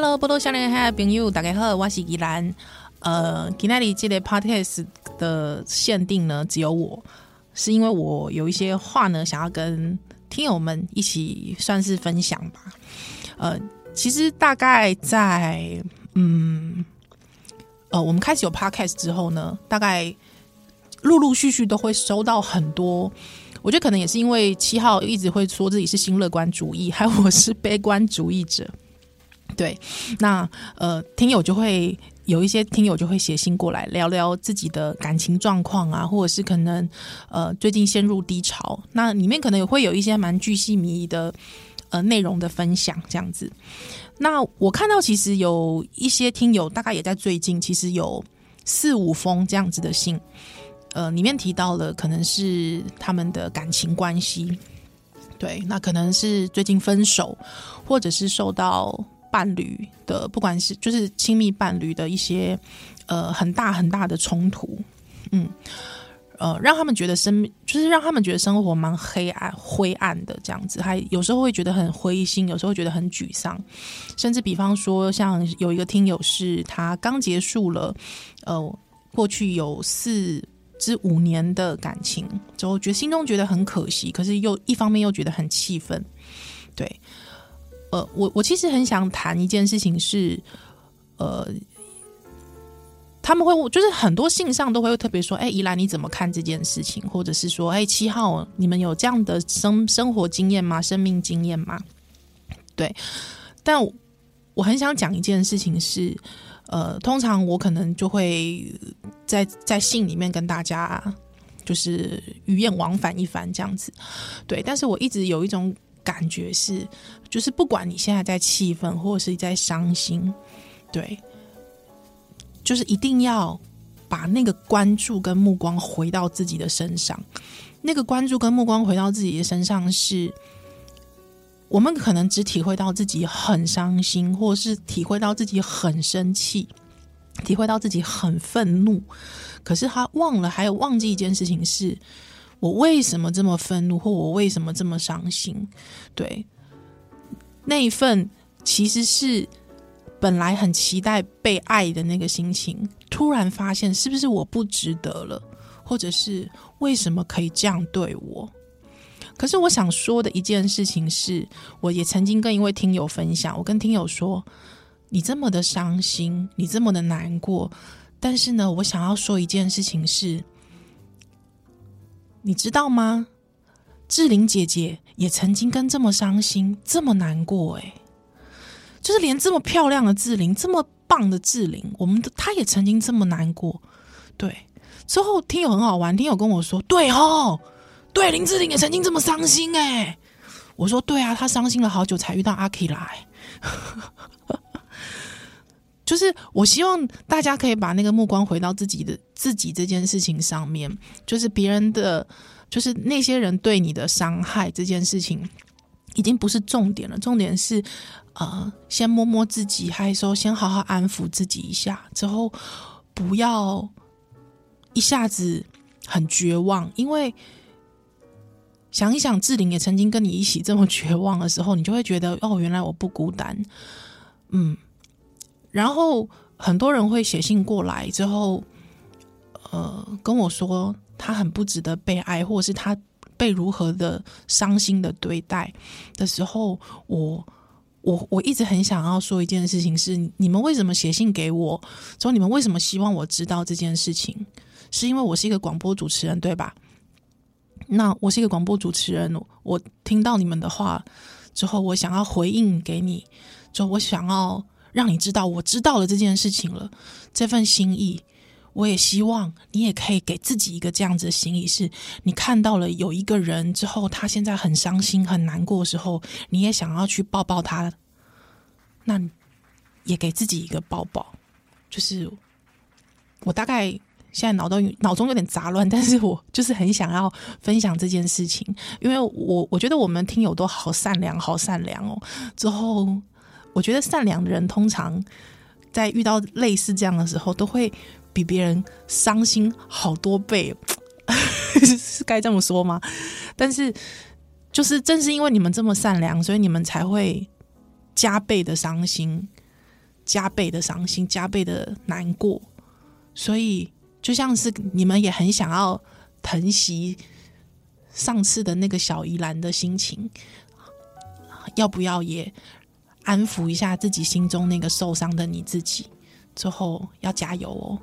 Hello，波多小林嗨，朋友，大家好，我是宜蘭。呃，今天呢，這個 podcast 的限定呢，只有我，是因為我有一些話呢，想要跟聽友們一起算是分享吧。呃，其實大概在嗯呃，我們開始有 podcast 之後呢，大概陸陸續續都會收到很多。我覺得可能也是因為七號一直會說自己是新樂觀主義，還有我是悲觀主義者。對，那呃，聽友就會有一些聽友就會寫信過來聊聊自己的感情狀況啊，或者是可能呃最近陷入低潮，那裡面可能也會有一些蠻巨細靡遺的呃內容的分享這樣子。那我看到其實有一些聽友大概也在最近，其實有四五封這樣子的信，呃，裡面提到了可能是他們的感情關係，對，那可能是最近分手，或者是受到。伴侶的不管是就是親密伴侶的一些，呃，很大很大的衝突，嗯，呃，讓他們覺得生就是讓他們覺得生活蠻黑暗灰暗的這樣子，還有時候會覺得很灰心，有時候覺得很沮喪，甚至比方說，像有一個聽友是他剛結束了，呃，過去有四至五年的感情，就覺得心中覺得很可惜，可是又一方面又覺得很氣憤，對。呃，我我其實很想談一件事情是，是呃，他們會就是很多信上都會，會特別說，哎、欸，宜蘭你怎麼看這件事情？或者是說，哎、欸，七號你們有這樣的生生活經驗嗎？生命經驗嗎？對，但我，我很想講一件事情是，呃，通常我可能就會在在信裡面跟大家、啊、就是魚雁往返一番這樣子，對，但是我一直有一種感覺是，就是不管你現在在氣憤或者是在傷心，對，就是一定要把那個關注跟目光回到自己的身上。那個關注跟目光回到自己的身上是，是我們可能只體會到自己很傷心，或是體會到自己很生氣，體會到自己很憤怒。可是他忘了，還有忘記一件事情是。我為什麼這麼憤怒，或我為什麼這麼傷心？對，那一份其實是本來很期待被愛的那個心情，突然發現是不是我不值得了，或者是為什麼可以這樣對我？可是我想說的一件事情是，我也曾經跟一位聽友分享，我跟聽友說：“你這麼的傷心，你這麼的難過。”但是呢，我想要說一件事情是，你知道嗎？志玲姐姐也曾經跟這麼傷心、這麼難過誒、欸。就是連這麼漂亮的志玲、這麼棒的志玲，我們都她也曾經這麼難過。對，之後聽友很好玩，聽友跟我說：“對哦，對，林志玲也曾經這麼傷心。”誒。我說：“對啊，她傷心了好久才遇到 AKIRA。 ”就是我希望大家可以把那個目光回到自己的自己這件事情上面，就是別人的，就是那些人對你的傷害這件事情，已經不是重點了。重點是，呃，先摸摸自己，還是說先好好安撫自己一下，之後不要一下子很絕望。因為想一想，志玲也曾經跟你一起這麼絕望的時候，你就會覺得哦，原來我不孤單，嗯。然後很多人會寫信過來，之後，呃，跟我說他很不值得被愛，或者是他被如何的傷心的對待的時候，我我我一直很想要說一件事情是：是你們為什麼寫信給我？說你們為什麼希望我知道這件事情？是因為我是一個廣播主持人，對吧？那我是一個廣播主持人，我聽到你們的話之後，我想要回應給你，就我想要。讓你知道我知道了這件事情了，這份心意，我也希望你也可以給自己一個這樣子的心意，是你看到了有一個人之後，他現在很傷心很難過的時候，你也想要去抱抱他，那也給自己一個抱抱。就是我大概現在腦袋腦中有點雜亂，但是我就是很想要分享這件事情，因為我我覺得我們聽友都好善良，好善良哦。之後。我覺得善良的人通常在遇到類似這樣的時候，都會比別人傷心好多倍， 是該這麼說嗎？但是，就是正是因為你們這麼善良，所以你們才會加倍的傷心，加倍的傷心，加倍的難過。所以，就像是你們也很想要疼惜上次的那個小宜蘭的心情，要不要也？安撫一下自己心中那個受傷的你自己，最後要加油哦。